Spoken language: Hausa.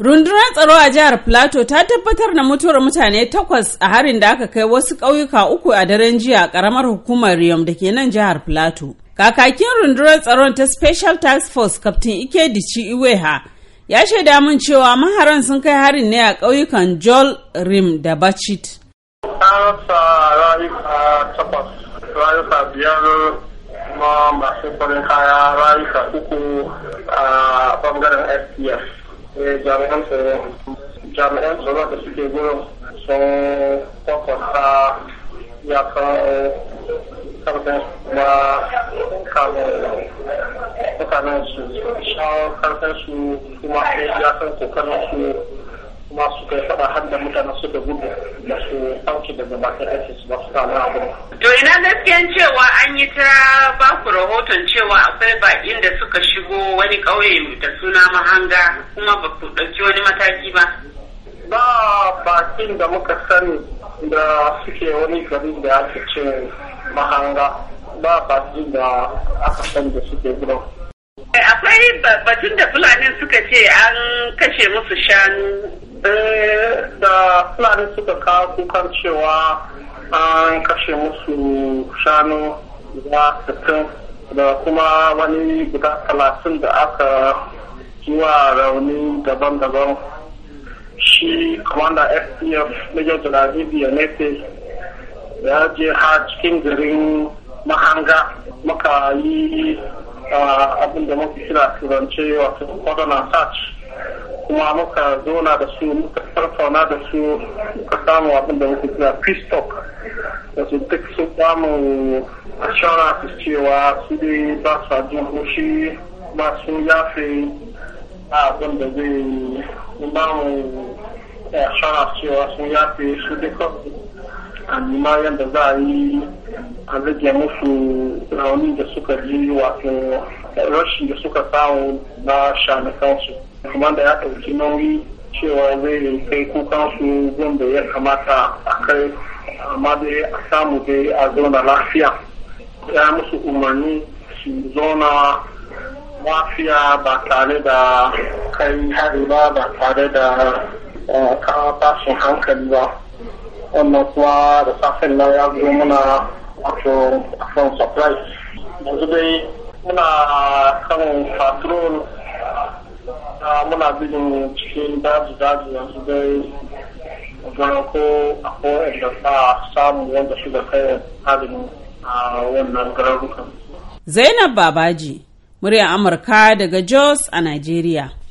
Rundunar tsaro a jihar Plateau ta tabbatar da mutuwar mutane takwas a harin da aka kai wasu ƙauyuka uku a daren jiya a ƙaramar hukumar riyom da ke nan jihar Plateau. Kakakin rundunar tsaron ta Special Task Force Captain Ikedici Iweha ya shaida min cewa maharan sun kai harin ne a ƙauyukan Jol, Rim da Bachit. rayuka rayuka biyar ma masu farin kaya rayuka uku a bangaren STF. jami'an tsaro jami'an tsaro da suke gurin sun kwakwata ya kawo karfin kuma kamun mutanen su shawo karfin su kuma ya san kokarin su kuma ka faɗa har da mutane da gudu da su ɗauki daga bakin su ba su na abu. To ina gaskiyan cewa an yi ta ba ku rahoton cewa akwai baƙin da suka shigo wani ƙauye da suna mahanga kuma ba ku ɗauki wani mataki ba. Ba baƙin da muka sani da suke wani gari da ake ce mahanga ba baƙin da aka sani da suke gidan. Akwai batun da Fulani suka ce an kashe musu shanu Eh, da fulani suka kawo kukan cewa an kashe musu shanu guda sittin da kuma wani guda talatin da aka yiwa rauni daban-daban shi kamanda fpf major jaladi biyanese ya je ha cikin garin mahanga muka yi ah, abin da muka kira turance wato ordinance search kuma muka zona da su muka tattauna da su muka samu abin da muka kira peace talk da su duk sun samu assurance cewa su dai ba su jin hoshi ba su yafe abin da zai ba mu assurance cewa sun yafe su duka a nima yadda za a yi a rage musu raunin da suka ji wato rashin da suka samu na shanakansu. kuma da ya ɗauki nauyi cewa zai kai kukan su gun da ya kamata a kai amma dai a samu dai a zauna lafiya ya musu umarni su zauna lafiya ba tare da kai hari ba ba tare da eh, kawo tashin hankali ba wannan kuma da safin na ya zo muna wato kan surprise yanzu dai muna kan patrol muna bijin cikin daji daji yanzu dai gano ko akwai da ba samu wanda suka kai halin a wannan garurukan. Zainab Babaji, muryar Amurka daga Jos a Najeriya.